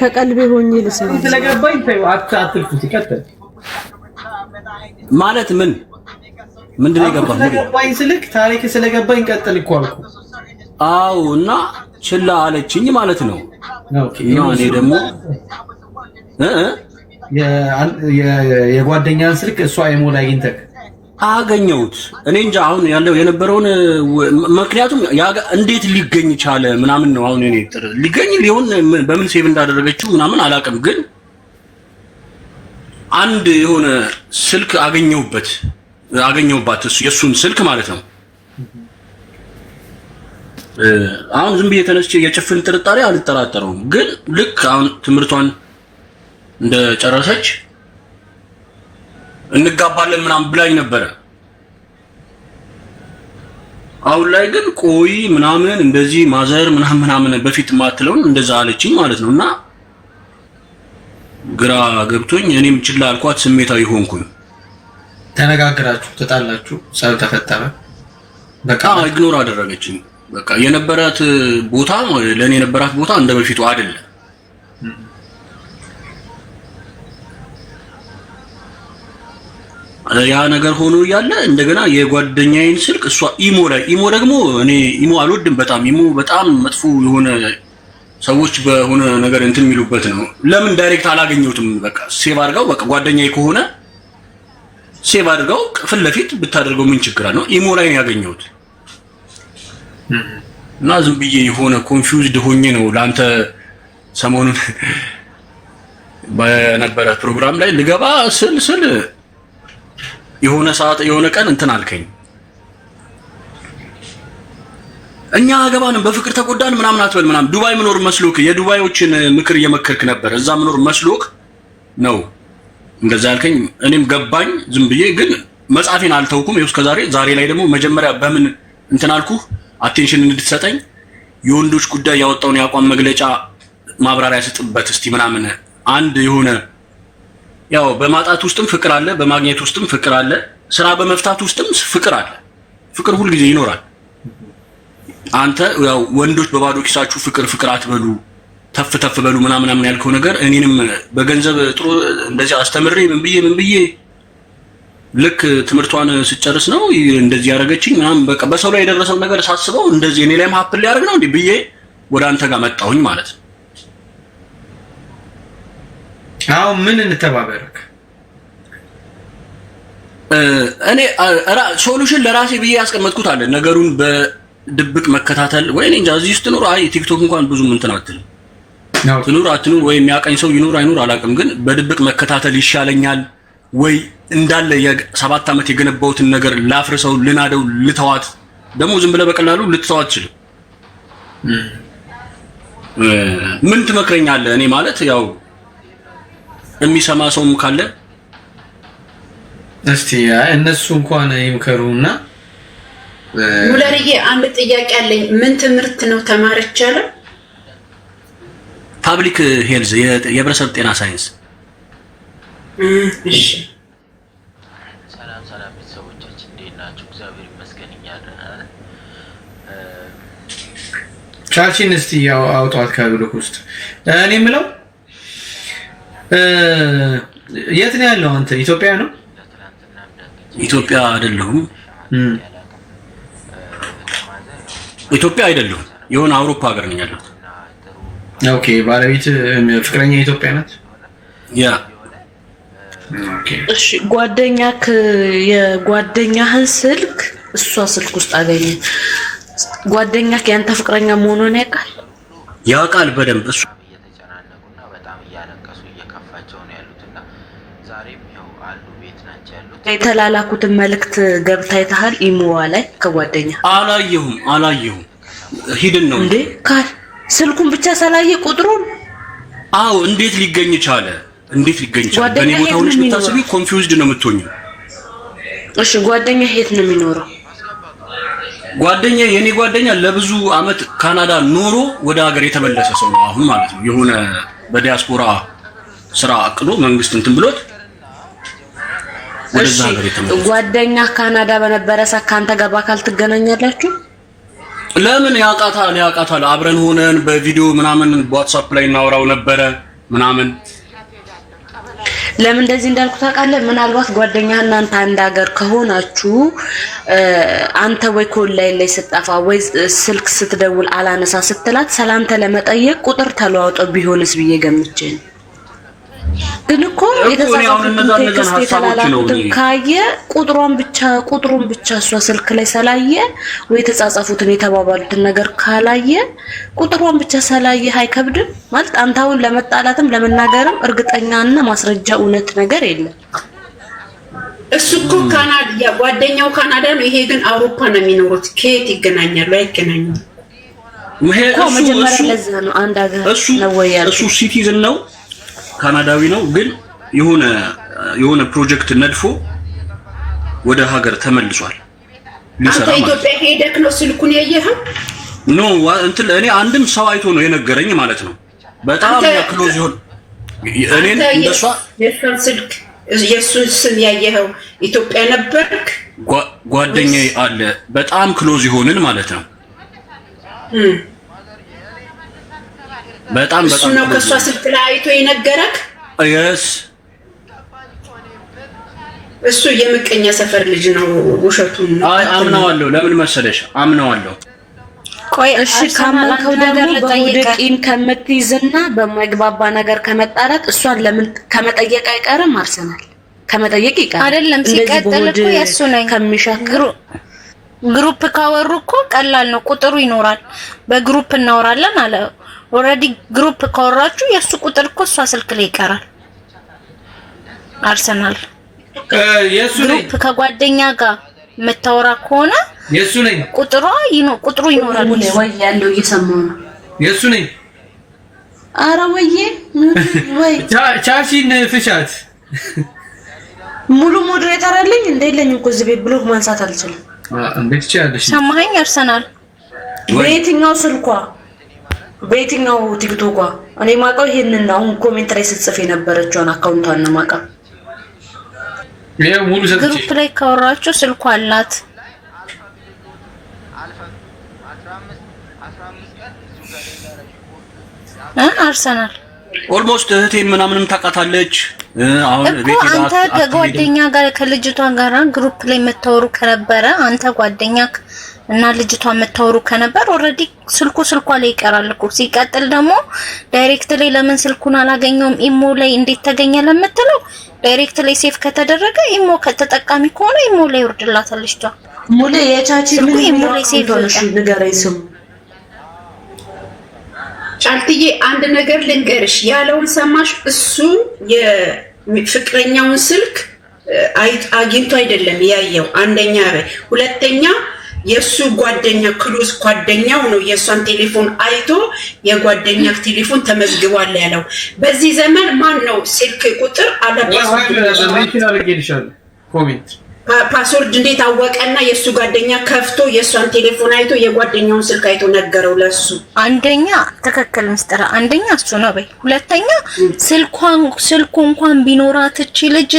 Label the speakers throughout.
Speaker 1: ከቀልቤ ሆኜ ልስማ
Speaker 2: ማለት ምን ምንድን ነው የገባኝ ስልክ ታሪክ ስለገባኝ ቀጥል እኮ አልኩ።
Speaker 1: አዎ እና ችላ አለችኝ ማለት ነው። እኔ ደግሞ የጓደኛን ስልክ እሷ አግኝተህ አገኘሁት። እኔ እንጃ አሁን ያለው የነበረውን ምክንያቱም እንዴት ሊገኝ ቻለ ምናምን ነው። አሁን እኔ ሊገኝ ሊሆን በምን ሴቭ እንዳደረገችው ምናምን አላውቅም፣ ግን አንድ የሆነ ስልክ አገኘሁበት አገኘሁባት የእሱን ስልክ ማለት ነው። አሁን ዝም ብዬ ተነስቼ የጭፍን ጥርጣሬ አልጠራጠረውም፣ ግን ልክ አሁን ትምህርቷን እንደጨረሰች እንጋባለን ምናምን ብላኝ ነበረ። አሁን ላይ ግን ቆይ ምናምን እንደዚህ ማዘር ምናምን ምናምን በፊት ማትለውን እንደዛ አለችኝ ማለት ነው። እና ግራ ገብቶኝ እኔም ችላ አልኳት፣ ስሜታዊ ሆንኩኝ።
Speaker 2: ተነጋግራችሁ ተጣላችሁ፣ ጸብ ተፈጠረ፣
Speaker 1: በቃ ኢግኖር አደረገችኝ። በቃ የነበራት ቦታ ለእኔ የነበራት ቦታ እንደ በፊቱ አይደለም። ያ ነገር ሆኖ እያለ እንደገና የጓደኛዬን ስልክ እሷ ኢሞ ላይ ኢሞ ደግሞ እኔ ኢሞ አልወድም በጣም ኢሞ በጣም መጥፎ የሆነ ሰዎች በሆነ ነገር እንትን የሚሉበት ነው። ለምን ዳይሬክት አላገኘሁትም? በቃ ሴቭ አድርገው በቃ ጓደኛዬ ከሆነ ሴቭ አድርገው ፊት ለፊት ብታደርገው ምን ችግር አለው? ኢሞ ላይ ያገኘሁት እና ዝም ብዬ የሆነ ኮንፊውዝድ ሆኜ ነው ለአንተ ሰሞኑን በነበረ ፕሮግራም ላይ ልገባ ስል ስል የሆነ ሰዓት የሆነ ቀን እንትን አልከኝ። እኛ አገባንም በፍቅር ተጎዳን ምናምን አትበል ምናምን። ዱባይ ምኖር መስሎክ የዱባዮችን ምክር እየመከርክ ነበር። እዛ ምኖር መስሎክ ነው እንደዛ ያልከኝ። እኔም ገባኝ ዝም ብዬ ግን መጽሐፌን አልተውኩም። ይኸው እስከ ዛሬ ዛሬ ላይ ደግሞ መጀመሪያ በምን እንትን አልኩህ አቴንሽን እንድትሰጠኝ የወንዶች ጉዳይ ያወጣውን የአቋም መግለጫ ማብራሪያ ስጥበት እስቲ ምናምን አንድ የሆነ ያው በማጣት ውስጥም ፍቅር አለ፣ በማግኘት ውስጥም ፍቅር አለ፣ ስራ በመፍታት ውስጥም ፍቅር አለ። ፍቅር ሁልጊዜ ይኖራል። አንተ ያው ወንዶች በባዶ ኪሳችሁ ፍቅር ፍቅር አትበሉ ተፍ ተፍ በሉ ምናምን ምናምን ያልከው ነገር እኔንም በገንዘብ ጥሩ እንደዚህ አስተምሬ ምን ብዬ ምን ብዬ ልክ ትምህርቷን ስጨርስ ነው እንደዚህ ያደረገችኝ ምናምን በቃ በሰው ላይ የደረሰው ነገር ሳስበው እንደዚህ እኔ ላይም ሀፕል ሊያደርግ ነው እንዲህ ብዬ ወደ አንተ ጋር መጣሁኝ ማለት ነው።
Speaker 2: አሁን ምን እንተባበርክ?
Speaker 1: እኔ ሶሉሽን ለራሴ ብዬ ያስቀመጥኩት አለ። ነገሩን በድብቅ መከታተል ወይ እኔ እንጃ። እዚህ ውስጥ ኑሮ አይ ቲክቶክ እንኳን ብዙም እንትን አትልም። ትኑር አትኑር ወይ የሚያቀኝ ሰው ይኑር አይኑር አላውቅም፣ ግን በድብቅ መከታተል ይሻለኛል ወይ እንዳለ የሰባት ዓመት የገነባሁትን ነገር ላፍርሰው፣ ልናደው፣ ልተዋት። ደግሞ ዝም ብለህ በቀላሉ ልትተዋት ችልም። ምን ትመክረኛለህ? እኔ ማለት ያው የሚሰማ ሰውም ካለ
Speaker 2: እስቲ እነሱ እንኳን ይምከሩና
Speaker 3: ሙለርዬ አንድ ጥያቄ አለኝ። ምን ትምህርት ነው ተማረች ያለ?
Speaker 1: ፓብሊክ ሄልዝ የህብረተሰብ ጤና ሳይንስ።
Speaker 2: እሺ ሰላም ሰላም ቤተሰቦቻችን እንዴት እግዚአብሔር ይመስገን እኛ ደህና ነን። ቻችን እስቲ ያው አውጧት ከብልክ ውስጥ እኔ የምለው የት ነው ያለው? አንተ ኢትዮጵያ ነው?
Speaker 1: ኢትዮጵያ አይደለሁም። ኢትዮጵያ አይደለሁም። የሆነ አውሮፓ ሀገር ነኝ ያለሁት።
Speaker 2: ኦኬ። ባለቤት ፍቅረኛ ኢትዮጵያ ናት?
Speaker 3: ያ እሺ። ጓደኛህ የጓደኛህን ስልክ እሷ ስልክ ውስጥ አገኘ። ጓደኛክ ያንተ ፍቅረኛ መሆኑን ያውቃል?
Speaker 1: ያውቃል በደንብ እሱ
Speaker 3: የተላላኩትን መልእክት ገብታ ይታሃል ኢሞዋ ላይ ከጓደኛ
Speaker 1: አላየሁም አላየሁም። ሂድን ነው እንዴ?
Speaker 3: ካል ስልኩን ብቻ ሳላየ ቁጥሩን።
Speaker 1: አዎ እንዴት ሊገኝ ቻለ? እንዴት ሊገኝ ቻለ? በእኔ ቦታ ሆነሽ ብታስቢ ኮንፊውዝድ ነው የምትሆኝ።
Speaker 3: እሺ ጓደኛ የት ነው የሚኖረው?
Speaker 1: ጓደኛ ጓደኛ ለብዙ አመት ካናዳ ኖሮ ወደ ሀገር የተመለሰ ሰው ነው አሁን ማለት ነው። የሆነ በዲያስፖራ ስራ አቅዶ መንግስት እንትን ብሎት
Speaker 3: ወደዛ ሀገር የተመለሰ ጓደኛ ካናዳ በነበረ ሰዓት ከአንተ ጋር በአካል ትገናኛላችሁ?
Speaker 1: ለምን ያውቃታል፣ ያውቃታል። አብረን ሆነን በቪዲዮ ምናምን በዋትሳፕ ላይ እናወራው ነበረ ምናምን።
Speaker 3: ለምን እንደዚህ እንዳልኩ ታውቃለህ? ምናልባት ጓደኛ እናንተ አንድ ሀገር ከሆናችሁ አንተ ወይ ኮላይ ላይ ስጠፋ ወይ ስልክ ስትደውል አላነሳ ስትላት ሰላምተ ለመጠየቅ ቁጥር ተለዋውጠው ቢሆንስ ብዬ ገምቼ ነው። ግን እኮ ካየ ቁጥሯን ብቻ ቁጥሩን ብቻ እሷ ስልክ ላይ ሰላየ ወይ የተጻጻፉትን የተባባሉትን ነገር ካላየ ቁጥሯን ብቻ ሰላየ አይከብድም ማለት አንተ አሁን ለመጣላትም ለመናገርም እርግጠኛና ማስረጃ እውነት ነገር የለም። እሱ እኮ ካናዳ ጓደኛው ካናዳ ነው። ይሄ ግን አውሮፓ ነው የሚኖሩት። ከየት ይገናኛሉ? አይገናኙም።
Speaker 1: መጀመሪያ ለዛ እሱ ሲቲዝን ነው ካናዳዊ ነው ግን የሆነ የሆነ ፕሮጀክት ነድፎ ወደ ሀገር ተመልሷል።
Speaker 3: አንተ ኢትዮጵያ ሄደክ ነው ስልኩን ያየኸው?
Speaker 1: ኖ እንትን እኔ አንድም ሰው አይቶ ነው የነገረኝ ማለት ነው። በጣም ክሎዝ ይሆን
Speaker 3: እኔ እንደሷ የሰው ስልክ የእሱን ስም ያየኸው ኢትዮጵያ ነበርክ?
Speaker 1: ጓደኛዬ አለ በጣም ክሎዝ ይሆንን ማለት ነው
Speaker 3: በጣም እሱ ነው ከእሷ ስልክ ላይ አይቶ የነገረክ? የስ እሱ የምቀኛ ሰፈር ልጅ ነው። ውሸቱን
Speaker 1: አምነዋለሁ። ለምን መሰለሽ? አምነዋለሁ።
Speaker 3: ቆይ እሺ፣ ካመንከው ደግሞ በውድቅ ቂም ከምትይዝና በማይግባባ ነገር ከመጣላት እሷን ለምን ከመጠየቅ አይቀርም። አርሰናል ከመጠየቅ ይቀር አይደለም። ሲቀጥል እኮ የእሱ ነኝ ከሚሻክሩ ግሩፕ ካወሩ እኮ ቀላል ነው። ቁጥሩ ይኖራል። በግሩፕ እናወራለን አለ ኦልሬዲ ግሩፕ ካወራችሁ የእሱ ቁጥር እኮ እሷ ስልክ ላይ ይቀራል። አርሰናል የሱ ግሩፕ ከጓደኛ ጋር መታወራ ከሆነ የሱ ነኝ ቁጥሯ ይኖ ቁጥሩ ይኖራል። ወይ ያለው እየሰማው ነው። የሱ ነኝ። አረ ወይዬ
Speaker 1: ወይ ቻርጂን ፍሻት።
Speaker 3: ሙሉ ሞዴሬተር አለኝ እንደ የለኝም እኮ እዚህ ቤት ብሎክ ማንሳት አልችልም። እንዴት ይችላልሽ? ሰማኸኝ? አርሰናል በየትኛው ስልኳ በየትኛው ቲክቶኳ? እኔ ማውቀው ይሄንን አሁን ኮሜንት ላይ ስትጽፍ የነበረችውን አካውንቷን ነው ማውቀው። ግሩፕ ላይ ካወራችሁ ስልኩ አላት። አርሰናል
Speaker 1: ኦልሞስት እህቴን ምናምንም ታውቃታለች።
Speaker 3: አሁን አንተ ከጓደኛ ጋር ከልጅቷ ጋር ግሩፕ ላይ መታወሩ ከነበረ አንተ ጓደኛ እና ልጅቷ የምታወሩ ከነበር ኦልሬዲ ስልኩ ስልኳ ላይ ይቀራል እኮ። ሲቀጥል ደግሞ ዳይሬክት ላይ ለምን ስልኩን አላገኘውም ኢሞ ላይ እንዴት ተገኘ ለምትለው ዳይሬክት ላይ ሴፍ ከተደረገ ኢሞ ከተጠቃሚ ከሆነ ኢሞ ላይ ይወርድላታል። ልጅቷ ሙሌ የቻቺ ምን ኢሞ ላይ ሴፍ ንገረኝ ስሙ ጫልትዬ አንድ ነገር ልንገርሽ ያለውን ሰማሽ? እሱ የፍቅረኛውን ስልክ አግኝቶ አይደለም ያየው አንደኛ። ሁለተኛ የእሱ ጓደኛ ክሎዝ ጓደኛው ነው የእሷን ቴሌፎን አይቶ የጓደኛ ቴሌፎን ተመዝግቧል ያለው። በዚህ ዘመን ማን ነው ስልክ ቁጥር አለባ ፓስወርድ እንዴት አወቀና የእሱ ጓደኛ ከፍቶ የእሷን ቴሌፎን አይቶ የጓደኛውን ስልክ አይቶ ነገረው ለሱ። አንደኛ ትክክል ምስጢር፣ አንደኛ እሱ ነው በይ። ሁለተኛ ስልኳን ስልኩ እንኳን ቢኖራት እቺ ልጅ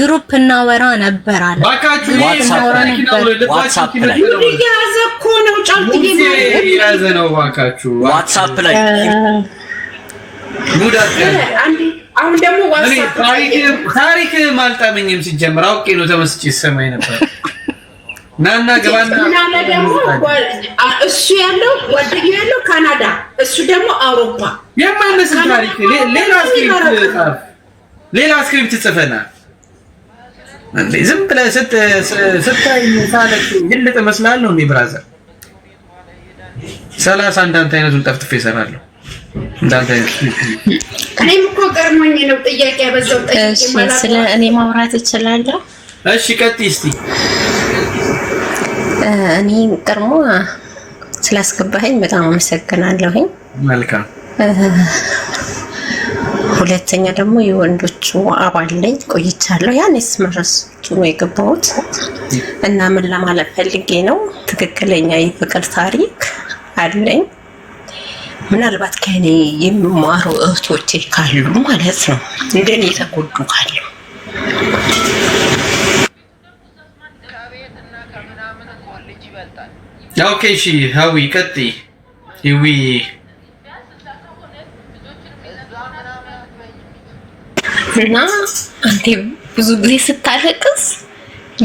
Speaker 3: ግሩፕ እናወራ ነበር አለ።
Speaker 1: ዋትሳፕ ላይ
Speaker 3: የያዘ እኮ ነው፣ ጫልት
Speaker 1: የያዘ ነው። ዋትሳፕ ላይ አሁን ደግሞ ታሪክ አልጣመኝም። ሲጀምር አውቄ ነው ተመስጬ ይሰማኝ ነበር።
Speaker 3: ናና ገባና እሱ ያለው ጓደኛ ያለው ካናዳ፣ እሱ ደግሞ አውሮፓ።
Speaker 1: የማነስ ታሪክ ሌላ ስክሪፕት ሌላ ስክሪፕት ጽፈናል። ዝም ብለህ ስታይ ግልጥ መስላለሁ። እኔ ብራዘር ሰላሳ አንዳንድ አይነቱን ጠፍጥፌ እሰራለሁ።
Speaker 3: እኔም እኮ ነው ጥያቄ ያበዛው። ስለ እኔ ማውራት እችላለሁ? እሺ ቀጥይ እኔ ቀድሞ ስላስገባኸኝ በጣም አመሰግናለሁኝ። መልካም። ሁለተኛ ደግሞ የወንዶቹ አባል ላይ ቆይቻለሁ። ያን ስመረሱ ነው የገባሁት እና ምን ለማለት ፈልጌ ነው ትክክለኛ የፍቅር ታሪክ አለኝ ምናልባት ከእኔ የሚማሩ እህቶቼ ካሉ ማለት ነው እንደኔ የተጎዱ ካሉ
Speaker 1: ኦኬ እሺ፣ ሀዊ ቀጥይ። ሂዊ
Speaker 3: እና አንቴ ብዙ ጊዜ ስታለቅስ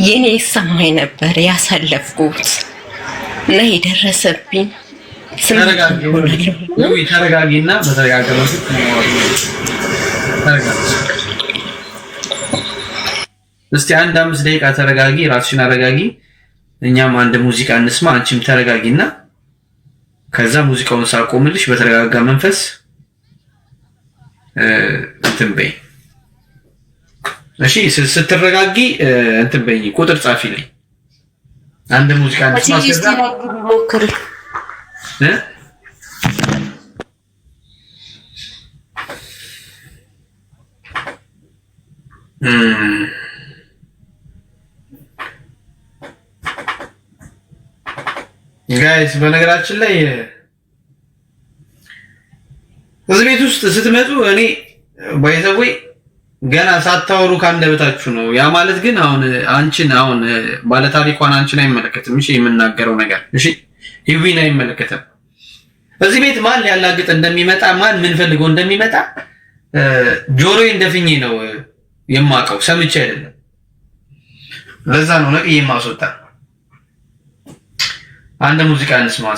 Speaker 3: የኔ ይሰማኝ ነበር ያሳለፍኩት እና የደረሰብኝ
Speaker 1: ተረጋጊና በተረጋጋ እስቲ አንድ አምስት ደቂቃ ተረጋጊ፣ ራስሽን አረጋጊ። እኛም አንድ ሙዚቃ እንስማ፣ አንቺም ተረጋጊ ተረጋጊና ከዛ ሙዚቃውን ሳቆምልሽ በተረጋጋ መንፈስ እንትን በይ። እሺ፣ ስትረጋጊ እንትን በይ፣ ቁጥር ጻፊ ላይ አንድ ሙዚቃ እንስማ። ጋይስ በነገራችን ላይ እዚህ ቤት ውስጥ ስትመጡ እኔ ባይዘዌ ገና ሳታወሩ ካንደበታችሁ ነው። ያ ማለት ግን አሁን አንቺን አሁን ባለታሪኳን አንቺን አይመለከትም። እሺ የምናገረው ነገር እሺ ይዊን አይመለከትም። እዚህ ቤት ማን ሊያላግጥ እንደሚመጣ ማን ምን እንደሚመጣ ጆሮዬ እንደፍኝ ነው የማውቀው፣ ሰምቼ አይደለም። ለዛ ነው ነቅዬ የማስወጣ። አንድ ሙዚቃ እንስማ